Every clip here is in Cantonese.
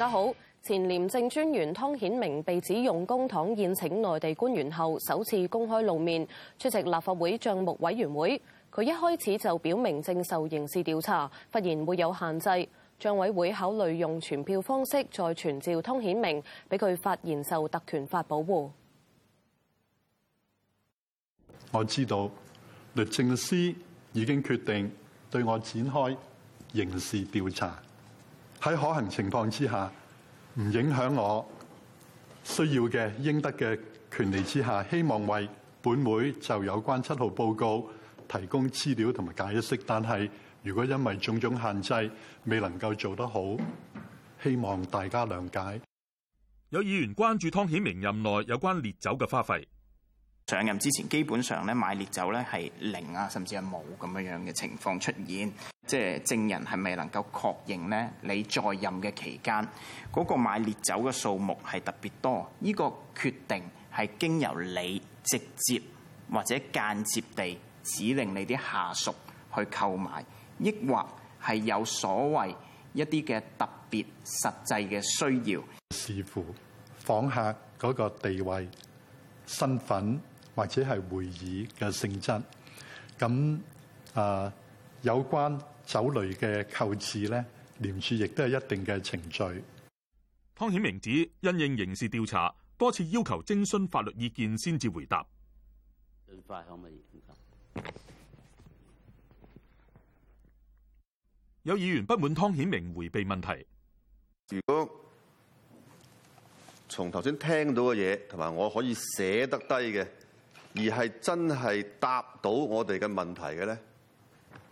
大家好，前廉政專員湯顯明被指用公帑宴請內地官員後首次公開露面出席立法會賬目委員會，佢一開始就表明正受刑事調查，發言會有限制。帳委會考慮用傳票方式再傳召湯顯明，俾佢發言受《特權法》保護。我知道律政司已經決定對我展開刑事調查。喺可行情況之下，唔影響我需要嘅應得嘅權利之下，希望為本會就有關七號報告提供資料同埋解釋。但係如果因為種種限制未能夠做得好，希望大家諒解。有議員關注湯顯明任內有關烈酒嘅花費。上任之前，基本上咧買烈酒咧係零啊，甚至係冇咁樣樣嘅情況出現，即係證人係咪能夠確認咧？你在任嘅期間嗰個買烈酒嘅數目係特別多？呢個決定係經由你直接或者間接地指令你啲下屬去購買，抑或係有所謂一啲嘅特別實際嘅需要？視乎訪客嗰個地位、身份。或者係會議嘅性質，咁啊、呃、有關酒類嘅構置，咧，廉署亦都係一定嘅程序。湯顯明指因應刑事調查，多次要求徵詢法律意見先至回答。Five, 有議員不滿湯顯明迴避問題。如果從頭先聽到嘅嘢同埋我可以寫得低嘅。而係真係答到我哋嘅問題嘅咧，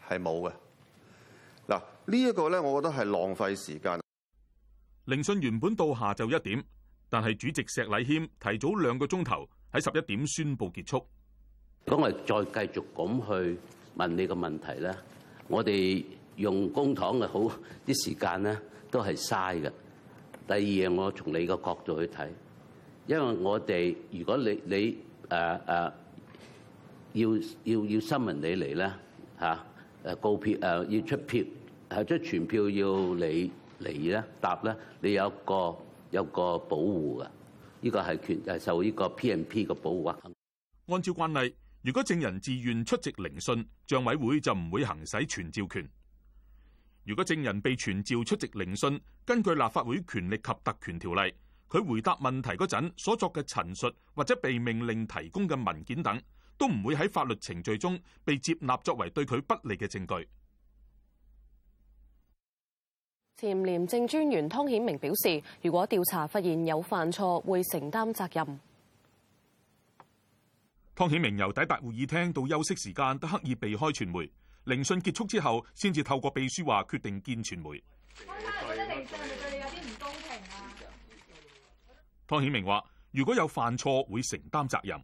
係冇嘅嗱。這個、呢一個咧，我覺得係浪費時間。聆訊原本到下晝一點，但係主席石禮謙提早兩個鐘頭喺十一點宣佈結束。如果我哋再繼續咁去問你個問題咧，我哋用公帑嘅好啲時間咧，都係嘥嘅。第二樣，我從你個角度去睇，因為我哋如果你你。誒誒，要要要新聞你嚟咧嚇誒告票誒要出票，係出傳票要你嚟咧、啊、答咧、啊，你有一個有一個保護嘅，呢個係權係受呢個 P and P 嘅保護㗎、啊。按照慣例，如果證人自願出席聆訊，帳委會就唔會行使傳召權。如果證人被傳召出席聆訊，根據《立法會權力及特權條例》。佢回答問題嗰陣所作嘅陳述，或者被命令提供嘅文件等，都唔會喺法律程序中被接納作為對佢不利嘅證據。前廉政專員湯顯明表示，如果調查發現有犯錯，會承擔責任。湯顯明由抵達會議廳到休息時間都刻意避開傳媒，聆訊結束之後，先至透過秘書話決定見傳媒。我睇下嗰啲聆訊係咪對你有啲唔公？湯顯明話，如果有犯錯，會承擔責任。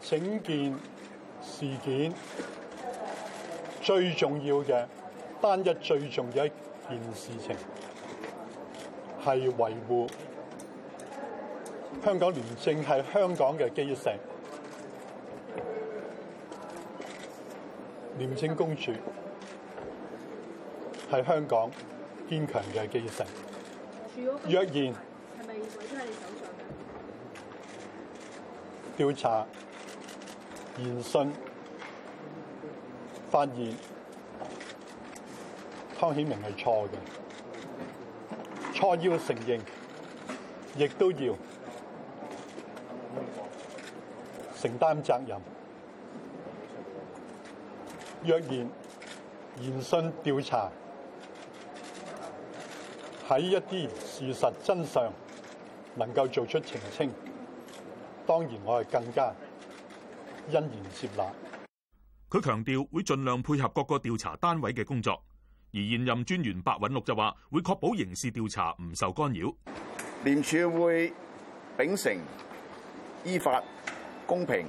請見事件最重要嘅單一最重要一件事情係維護香港廉政係香港嘅基石。廉政公署係香港堅強嘅基石。若然，係咪現金喺你手上？調查，延信，發現湯顯明係錯嘅，錯要承認，亦都要承擔責任。若然延信調查。喺一啲事實真相能夠做出澄清，當然我係更加欣然接納。佢強調會盡量配合各個調查單位嘅工作，而現任專員白韞六就話會確保刑事調查唔受干擾。廉署會秉承依法、公平、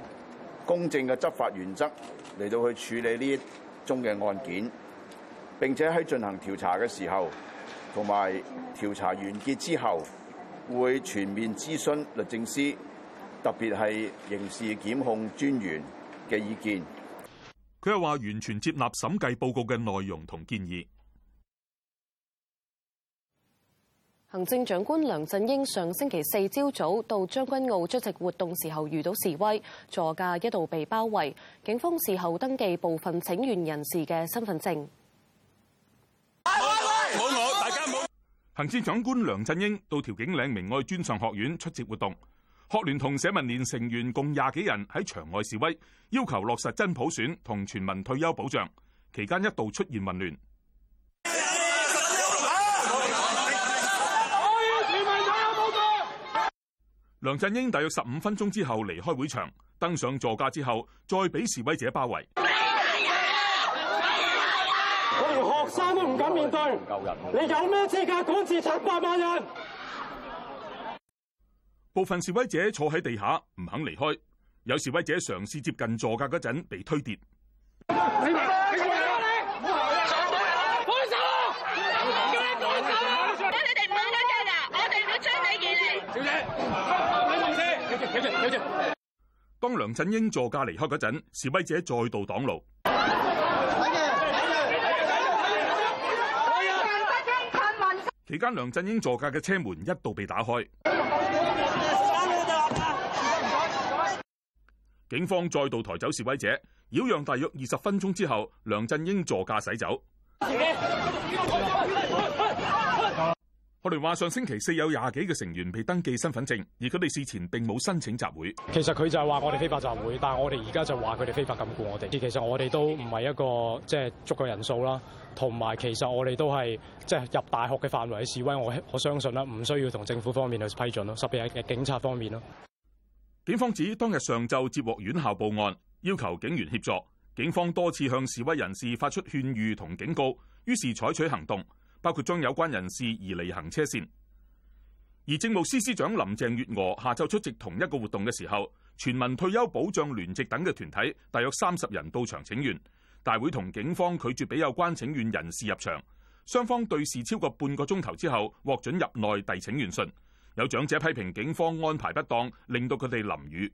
公正嘅執法原則嚟到去處理呢一宗嘅案件，並且喺進行調查嘅時候，同埋調查完結之後，會全面諮詢律政司，特別係刑事檢控專員嘅意見。佢又話完全接納審計報告嘅內容同建議。行政長官梁振英上星期四朝早到將軍澳出席活動時候，遇到示威，座駕一度被包圍，警方事後登記部分請願人士嘅身份證。行政長官梁振英到調景嶺明愛專上學院出席活動，學聯同社民連成員共廿幾人喺場外示威，要求落實真普選同全民退休保障，期間一度出現混亂。梁振英大約十五分鐘之後離開會場，登上座駕之後，再畀示威者包圍。三都唔敢面對，你有咩資格講自殺百萬人？部分示威者坐喺地下唔肯離開，有示威者嘗試接近座駕嗰陣被推跌。你你！走走你你。當梁振英座駕離開嗰陣，示威者再度擋路。期間，梁振英座駕嘅車門一度被打開，警方再度抬走示威者，擾攘大約二十分鐘之後，梁振英座駕駛走。我哋話上星期四有廿幾個成員被登記身份證，而佢哋事前並冇申請集會。其實佢就係話我哋非法集會，但係我哋而家就話佢哋非法禁錮我哋。其實我哋都唔係一個即係足夠人數啦，同埋其實我哋都係即係入大學嘅範圍示威，我我相信啦，唔需要同政府方面去批准咯，特別係警察方面咯。警方指當日上晝接獲院校報案，要求警員協助，警方多次向示威人士發出勸喻同警告，於是採取行動。包括將有關人士移離行車線，而政務司司長林鄭月娥下晝出席同一個活動嘅時候，全民退休保障聯席等嘅團體大約三十人到場請願，大會同警方拒絕俾有關請願人士入場，雙方對峙超過半個鐘頭之後獲准入內遞請願信，有長者批評警方安排不當，令到佢哋淋雨。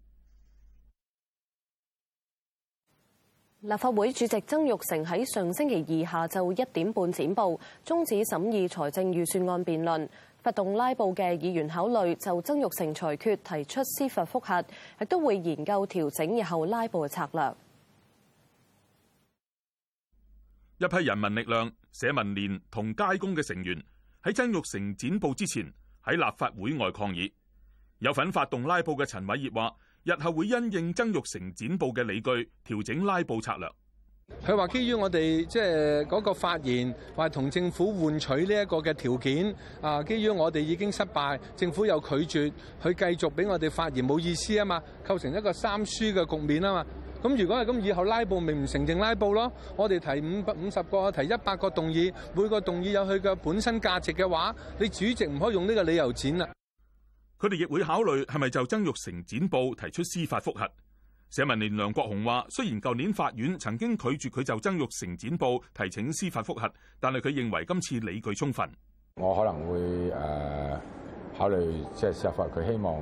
立法會主席曾鈺成喺上星期二下晝一點半剪布，終止審議財政預算案辯論。發動拉布嘅議員考慮就曾鈺成裁決提出司法覆核，亦都會研究調整日後拉布嘅策略。一批人民力量、社民連同街工嘅成員喺曾鈺成剪布之前喺立法會外抗議。有份發動拉布嘅陳偉業話。日後會因應曾鈺成剪布嘅理據調整拉布策略。佢話，基於我哋即係嗰個發言，話同政府換取呢一個嘅條件。啊，基於我哋已經失敗，政府又拒絕，佢繼續俾我哋發言冇意思啊嘛，構成一個三輸嘅局面啊嘛。咁如果係咁，以後拉布咪唔承認拉布咯。我哋提五百五十個，提一百個動議，每個動議有佢嘅本身價值嘅話，你主席唔可以用呢個理由剪啦。佢哋亦會考慮係咪就曾鈺成剪布提出司法覆核。社民連梁國雄話：雖然舊年法院曾經拒絕佢就曾鈺成剪布提請司法覆核，但係佢認為今次理據充分。我可能會誒考慮即係司法，佢希望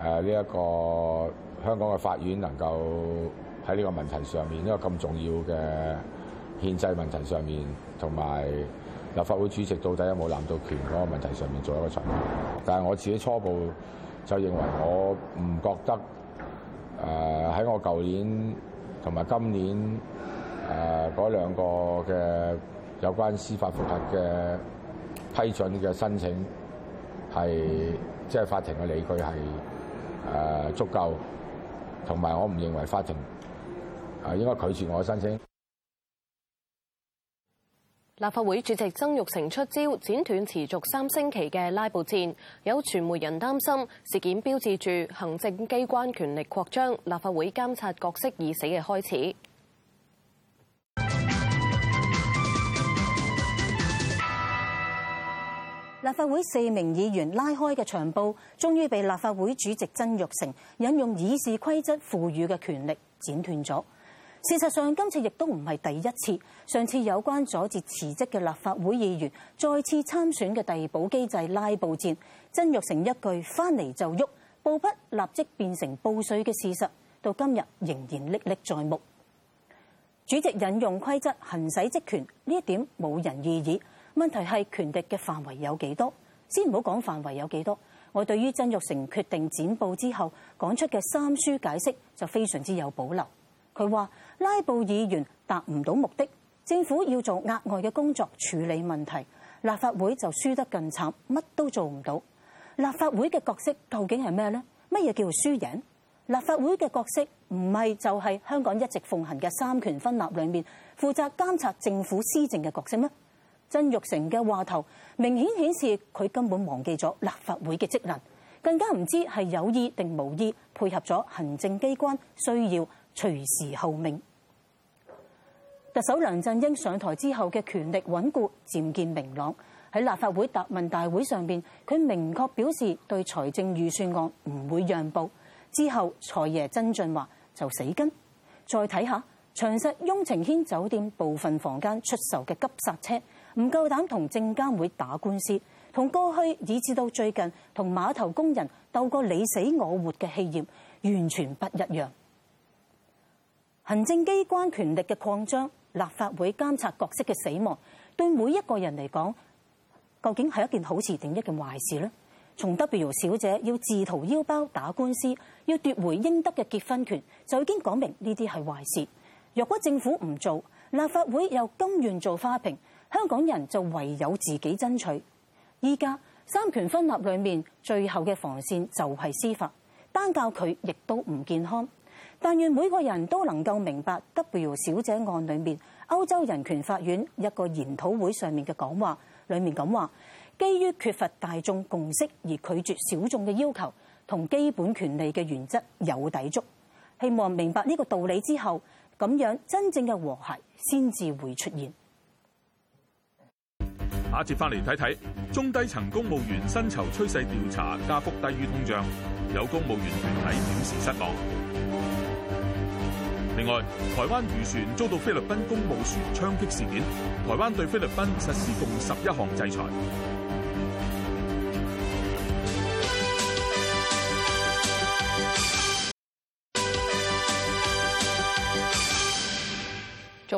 誒呢一個香港嘅法院能夠喺呢個問題上面，呢個咁重要嘅憲制問題上面同埋。立法會主席到底有冇濫到權個問題上面做一個裁判，但係我自己初步就認為我唔覺得誒，喺我舊年同埋今年誒兩個嘅有關司法複核嘅批准嘅申請係即係法庭嘅理據係誒足夠，同埋我唔認為法庭啊應該拒絕我嘅申請。立法會主席曾鈺成出招，剪斷持續三星期嘅拉布戰。有傳媒人擔心，事件標誌住行政機關權力擴張、立法會監察角色已死嘅開始。立法會四名議員拉開嘅長布，終於被立法會主席曾鈺成引用議事規則賦予嘅權力剪斷咗。事實上，今次亦都唔係第一次。上次有關阻截辭職嘅立法會議員再次參選嘅遞補機制拉布戰，曾鈺成一句翻嚟就郁，布匹立即變成布碎嘅事實，到今日仍然歷歷在目。主席引用規則行使職權呢一點冇人異議，問題係權力嘅範圍有幾多少？先唔好講範圍有幾多少，我對於曾鈺成決定剪布之後講出嘅三書解釋就非常之有保留。佢話拉布議員達唔到目的，政府要做額外嘅工作處理問題，立法會就輸得更慘，乜都做唔到。立法會嘅角色究竟係咩呢？乜嘢叫輸贏？立法會嘅角色唔係就係香港一直奉行嘅三權分立裏面負責監察政府施政嘅角色咩？曾鈺成嘅話頭明顯顯示佢根本忘記咗立法會嘅職能。更加唔知係有意定無意配合咗行政機關需要，隨時候命。特首梁振英上台之後嘅權力穩固漸見明朗。喺立法會答問大會上邊，佢明確表示對財政預算案唔會讓步。之後，財爺曾俊華就死跟，再睇下長實雍澄軒酒店部分房間出售嘅急煞車，唔夠膽同證監會打官司。同過去以至到最近同碼頭工人鬥過你死我活嘅氣焰，完全不一樣。行政機關權力嘅擴張，立法會監察角色嘅死亡，對每一個人嚟講，究竟係一件好事定一件壞事呢？從 W 小姐要自掏腰包打官司，要奪回應得嘅結婚權，就已經講明呢啲係壞事。若果政府唔做，立法會又甘願做花瓶，香港人就唯有自己爭取。依家三權分立裏面最後嘅防線就係司法，單教佢亦都唔健康。但願每個人都能夠明白 W 小姐案裏面歐洲人權法院一個研討會上面嘅講話，裏面咁話，基於缺乏大眾共識而拒絕小眾嘅要求，同基本權利嘅原則有抵觸，希望明白呢個道理之後，咁樣真正嘅和諧先至會出現。下一節翻嚟睇睇中低層公務員薪酬趨勢調查，加幅低於通脹，有公務員團體表示失望。另外，台灣漁船遭到菲律賓公務船槍擊事件，台灣對菲律賓實施共十一項制裁。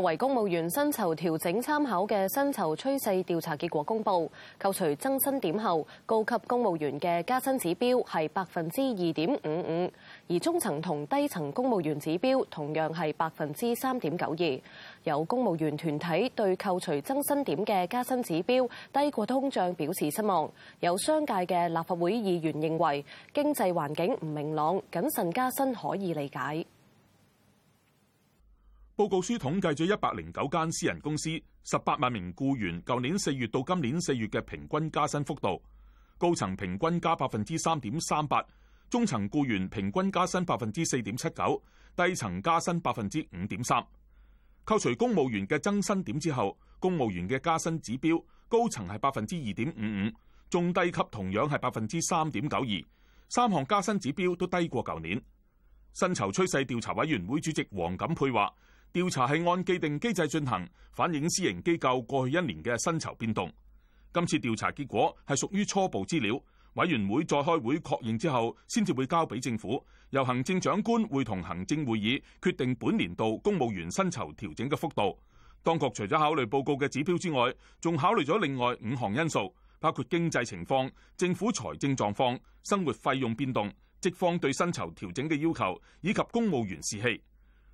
作為公務員薪酬調整參考嘅薪酬趨勢調查結果公布，扣除增薪點後，高級公務員嘅加薪指標係百分之二點五五，而中層同低層公務員指標同樣係百分之三點九二。有公務員團體對扣除增薪點嘅加薪指標低過通脹表示失望。有商界嘅立法會議員認為，經濟環境唔明朗，謹慎加薪可以理解。報告書統計咗一百零九間私人公司十八萬名僱員，舊年四月到今年四月嘅平均加薪幅度，高層平均加百分之三點三八，中層僱員平均加薪百分之四點七九，低層加薪百分之五點三。扣除公務員嘅增薪點之後，公務員嘅加薪指標，高層係百分之二點五五，中低級同樣係百分之三點九二，三項加薪指標都低過舊年。薪酬趨勢調查委員會主席黃錦佩話：調查係按既定機制進行，反映私營機構過去一年嘅薪酬變動。今次調查結果係屬於初步資料，委員會再開會確認之後，先至會交俾政府，由行政長官會同行政會議決定本年度公務員薪酬調整嘅幅度。當局除咗考慮報告嘅指標之外，仲考慮咗另外五項因素，包括經濟情況、政府財政狀況、生活費用變動、職方對薪酬調整嘅要求以及公務員士氣。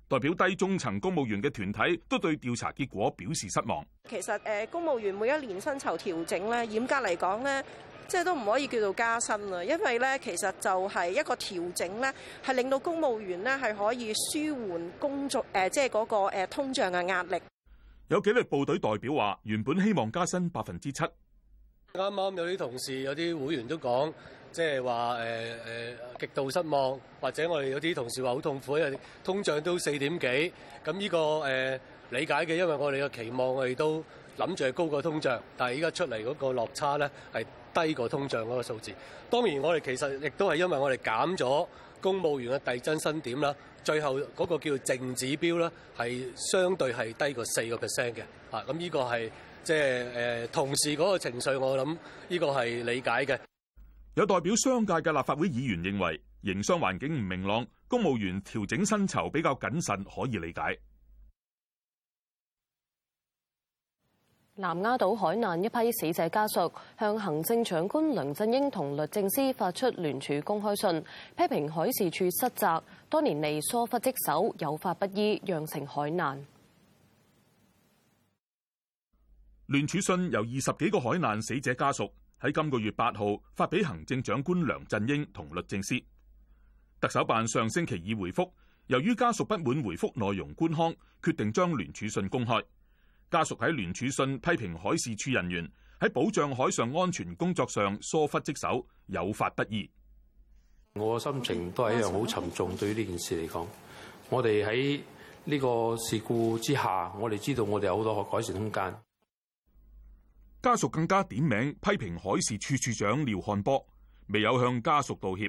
代表低中層公務員嘅團體都對調查結果表示失望。其實誒，公務員每一年薪酬調整咧，嚴格嚟講咧，即係都唔可以叫做加薪啦，因為咧，其實就係一個調整咧，係令到公務員咧係可以舒緩工作誒，即係嗰個誒通脹嘅壓力。有紀律部隊代表話，原本希望加薪百分之七。啱啱有啲同事有啲會員都講。即係話誒誒極度失望，或者我哋有啲同事話好痛苦，因為通脹都四點幾。咁呢個誒，呃，理解嘅，因為我哋嘅期望我哋都諗住係高過通脹，但係依家出嚟嗰個落差咧係低過通脹嗰個數字。當然我哋其實亦都係因為我哋減咗公務員嘅遞增薪點啦，最後嗰個叫做淨指標啦，係相對係低過四個 percent 嘅。啊，咁依個係即係誒同事嗰個情緒，我諗呢個係理解嘅。有代表商界嘅立法會議員認為，營商環境唔明朗，公務員調整薪酬比較謹慎，可以理解。南丫島海難一批死者家屬向行政長官梁振英同律政司發出聯署公開信，批評海事處失責，多年嚟疏忽職守、有法不依，釀成海難。聯署信由二十幾個海難死者家屬，喺今個月八號發俾行政長官梁振英同律政司，特首辦上星期已回覆由於家屬不滿回覆內容官腔，決定將聯署信公開。家屬喺聯署信批評海事處人員喺保障海上安全工作上疏忽職守，有法不依。我嘅心情都係一樣好沉重，對於呢件事嚟講，我哋喺呢個事故之下，我哋知道我哋有好多改善空間。家屬更加點名批評海事處處長廖漢波，未有向家屬道歉，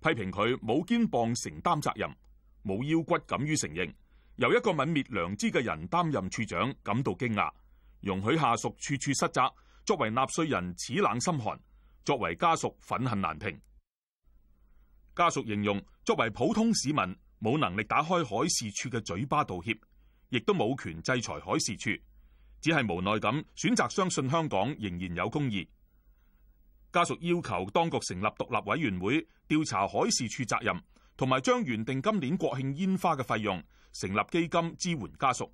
批評佢冇肩膀承擔責任，冇腰骨敢於承認，由一個泯滅良知嘅人擔任處長感到驚訝，容許下屬處處失責，作為納稅人此冷心寒，作為家屬憤恨難平。家屬形容，作為普通市民冇能力打開海事處嘅嘴巴道歉，亦都冇權制裁海事處。只係無奈咁選擇相信香港仍然有公義。家屬要求當局成立獨立委員會調查海事處責任，同埋將原定今年國慶煙花嘅費用成立基金支援家屬。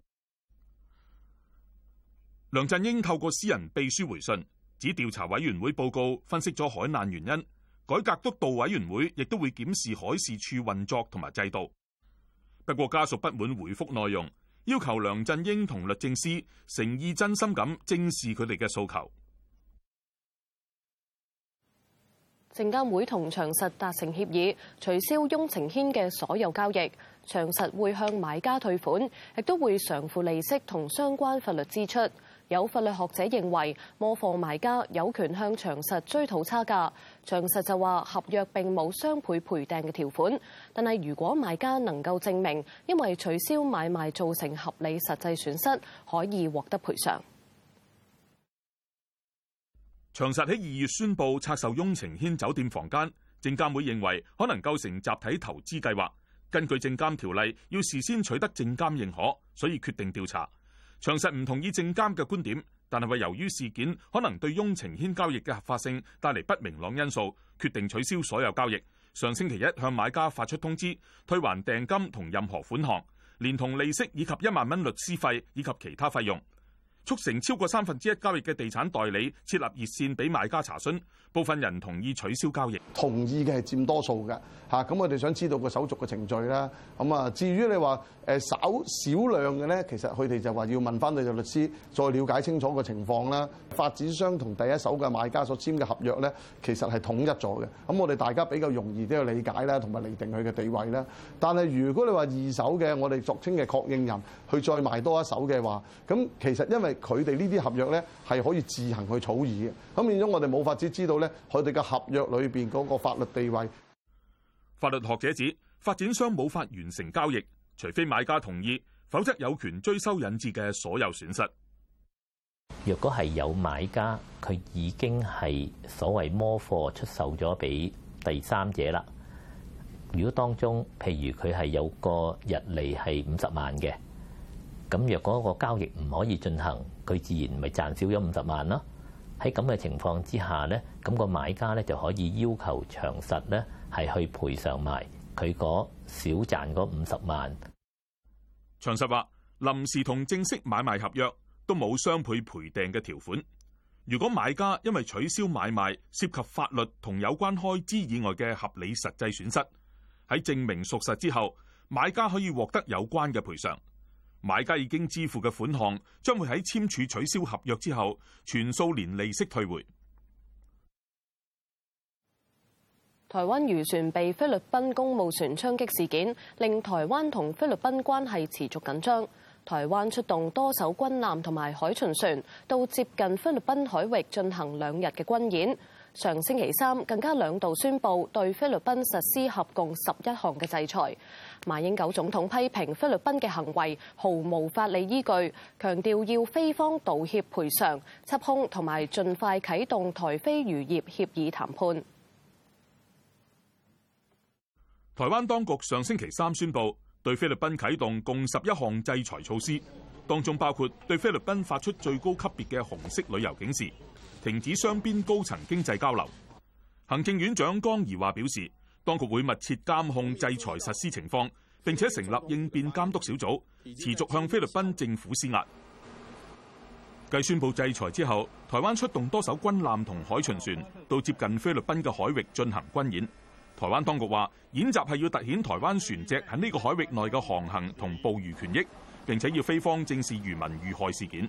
梁振英透過私人秘書回信，指調查委員會報告分析咗海難原因，改革督導委員會亦都會檢視海事處運作同埋制度。不過家屬不滿回復內容。要求梁振英同律政司誠意真心咁正視佢哋嘅訴求。證監會同長實達成協議，取消雍澄軒嘅所有交易，長實會向買家退款，亦都會償付利息同相關法律支出。有法律學者認為，模房買家有權向長實追討差價。長實就話，合約並冇雙倍賠訂嘅條款，但係如果買家能夠證明因為取消買賣造成合理實際損失，可以獲得賠償。長實喺二月宣布拆售雍澄軒酒店房間，證監會認為可能構成集體投資計劃。根據證監條例，要事先取得證監認可，所以決定調查。長實唔同意證監嘅觀點，但係為由於事件可能對雍澄軒交易嘅合法性帶嚟不明朗因素，決定取消所有交易。上星期一向買家發出通知，退還訂金同任何款項，連同利息以及一萬蚊律師費以及其他費用。促成超過三分之一交易嘅地產代理設立熱線俾買家查詢，部分人同意取消交易，同意嘅係佔多數嘅。嚇，咁我哋想知道個手續嘅程序啦。咁啊，至於你話誒少少量嘅咧，其實佢哋就話要問翻你嘅律師，再了解清楚個情況啦。發展商同第一手嘅買家所簽嘅合約咧，其實係統一咗嘅。咁我哋大家比較容易都有理解啦，同埋釐定佢嘅地位啦。但係如果你話二手嘅，我哋俗稱嘅確認人去再賣多一手嘅話，咁其實因為佢哋呢啲合約咧，係可以自行去草擬嘅，咁變咗我哋冇法子知道咧，佢哋嘅合約裏邊嗰個法律地位。法律學者指發展商冇法完成交易，除非買家同意，否則有權追收引致嘅所有損失。若果係有買家，佢已經係所謂摩貨出售咗俾第三者啦。如果當中譬如佢係有個日利係五十萬嘅。咁若果個交易唔可以進行，佢自然咪賺少咗五十萬咯。喺咁嘅情況之下呢咁個買家呢就可以要求長實呢係去賠償埋佢嗰少賺嗰五十萬。長實話，臨時同正式買賣合約都冇雙倍賠定嘅條款。如果買家因為取消買賣涉及法律同有關開支以外嘅合理實際損失，喺證明屬實之後，買家可以獲得有關嘅賠償。買家已經支付嘅款項將會喺簽署取消合約之後，全數連利息退回。台灣漁船被菲律賓公務船槍擊事件，令台灣同菲律賓關係持續緊張。台灣出動多艘軍艦同埋海巡船，到接近菲律賓海域進行兩日嘅軍演。上星期三，更加兩度宣布對菲律賓實施合共十一項嘅制裁。馬英九總統批評菲律賓嘅行為毫無法理依據，強調要菲方道歉賠償、緝兇同埋盡快啟動台菲漁業協議談判。台灣當局上星期三宣布對菲律賓啟動共十一項制裁措施，當中包括對菲律賓發出最高級別嘅紅色旅遊警示，停止雙邊高層經濟交流。行政院長江宜樺表示。當局會密切監控制裁實施情況，並且成立應變監督小組，持續向菲律賓政府施壓。繼宣布制裁之後，台灣出動多艘軍艦同海巡船到接近菲律賓嘅海域進行軍演。台灣當局話，演習係要突顯台灣船隻喺呢個海域內嘅航行同捕魚權益，並且要菲方正視漁民遇害事件。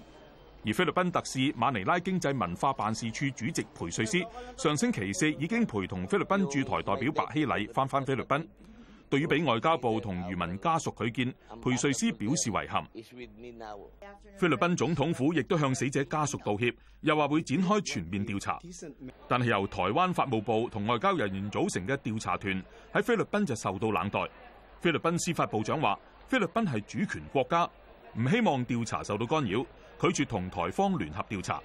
而菲律賓特使馬尼拉經濟文化辦事處主席裴瑞斯上星期四已經陪同菲律賓駐台代表白希禮翻返菲律賓。對於俾外交部同漁民家屬拒見，裴瑞斯表示遺憾。菲律賓總統府亦都向死者家屬道歉，又話會展開全面調查。但係由台灣法務部同外交人員組成嘅調查團喺菲律賓就受到冷待。菲律賓司法部長話：菲律賓係主權國家，唔希望調查受到干擾。拒絕同台方聯合調查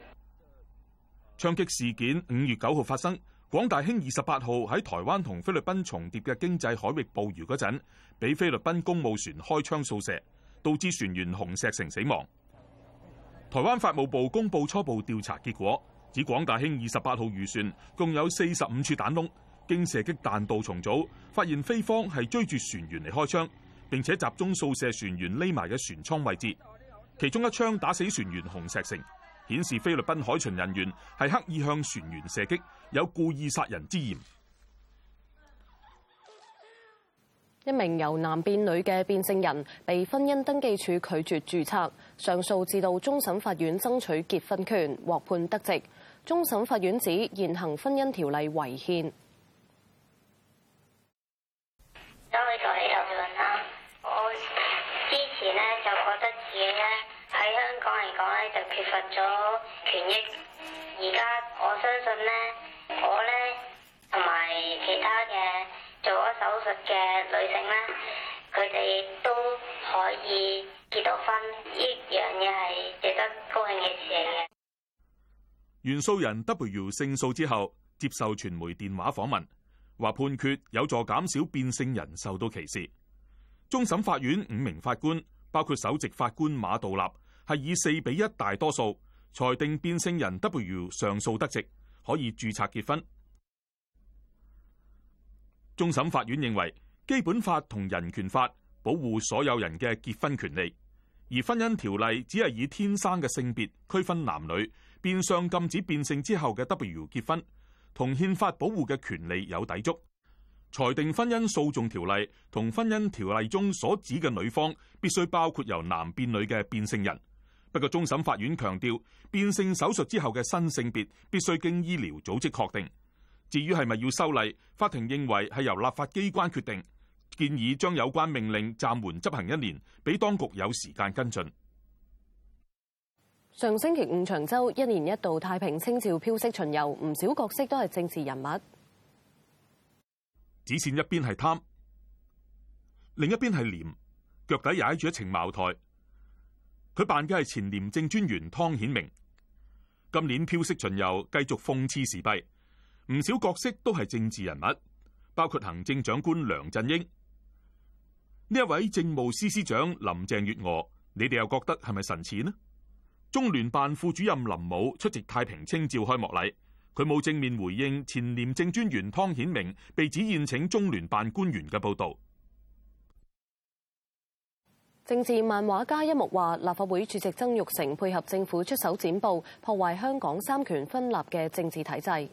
槍擊事件。五月九號發生，廣大興二十八號喺台灣同菲律賓重疊嘅經濟海域捕魚嗰陣，俾菲律賓公務船開槍掃射，導致船員洪石成死亡。台灣法務部公布初步調查結果，指廣大興二十八號漁船共有四十五處彈窿，經射擊彈道重組，發現菲方係追住船員嚟開槍，並且集中掃射船員匿埋嘅船艙位置。其中一槍打死船員洪石成，顯示菲律賓海巡人員係刻意向船員射擊，有故意殺人之嫌。一名由男變女嘅變性人被婚姻登記處拒絕註冊，上訴至到終審法院爭取結婚權，獲判得直。終審法院指現行婚姻條例違憲。咗權益，而家我相信呢，我呢同埋其他嘅做咗手術嘅女性呢，佢哋都可以結到婚，呢樣嘢係值得高興嘅事嘅。原訴人 W 勝訴之後，接受傳媒電話訪問，話判決有助減少變性人受到歧視。終審法院五名法官，包括首席法官馬道立。係以四比一大多數裁定變性人 W 上訴得直，可以註冊結婚。終審法院認為，基本法同人權法保護所有人嘅結婚權利，而婚姻條例只係以天生嘅性別區分男女，變相禁止變性之後嘅 W 結婚，同憲法保護嘅權利有抵觸。裁定婚姻訴訟條例同婚姻條例中所指嘅女方，必須包括由男變女嘅變性人。不過，終審法院強調，變性手術之後嘅新性別必須經醫療組織確定。至於係咪要修例，法庭認為係由立法機關決定。建議將有關命令暫緩執行一年，俾當局有時間跟進。上星期五長洲一年一度太平清醮飄色巡遊，唔少角色都係政治人物。紙扇，一邊係貪，另一邊係廉，腳底踩住一埕茅台。佢扮嘅係前廉政專員湯顯明，今年飄色巡遊繼續諷刺時弊，唔少角色都係政治人物，包括行政長官梁振英。呢一位政務司司長林鄭月娥，你哋又覺得係咪神似呢？中聯辦副主任林武出席太平清醮開幕禮，佢冇正面回應前廉政專員湯顯明被指宴請中聯辦官員嘅報道。政治漫畫家一木話立法會主席曾鈺成配合政府出手剪布，破壞香港三權分立嘅政治體制。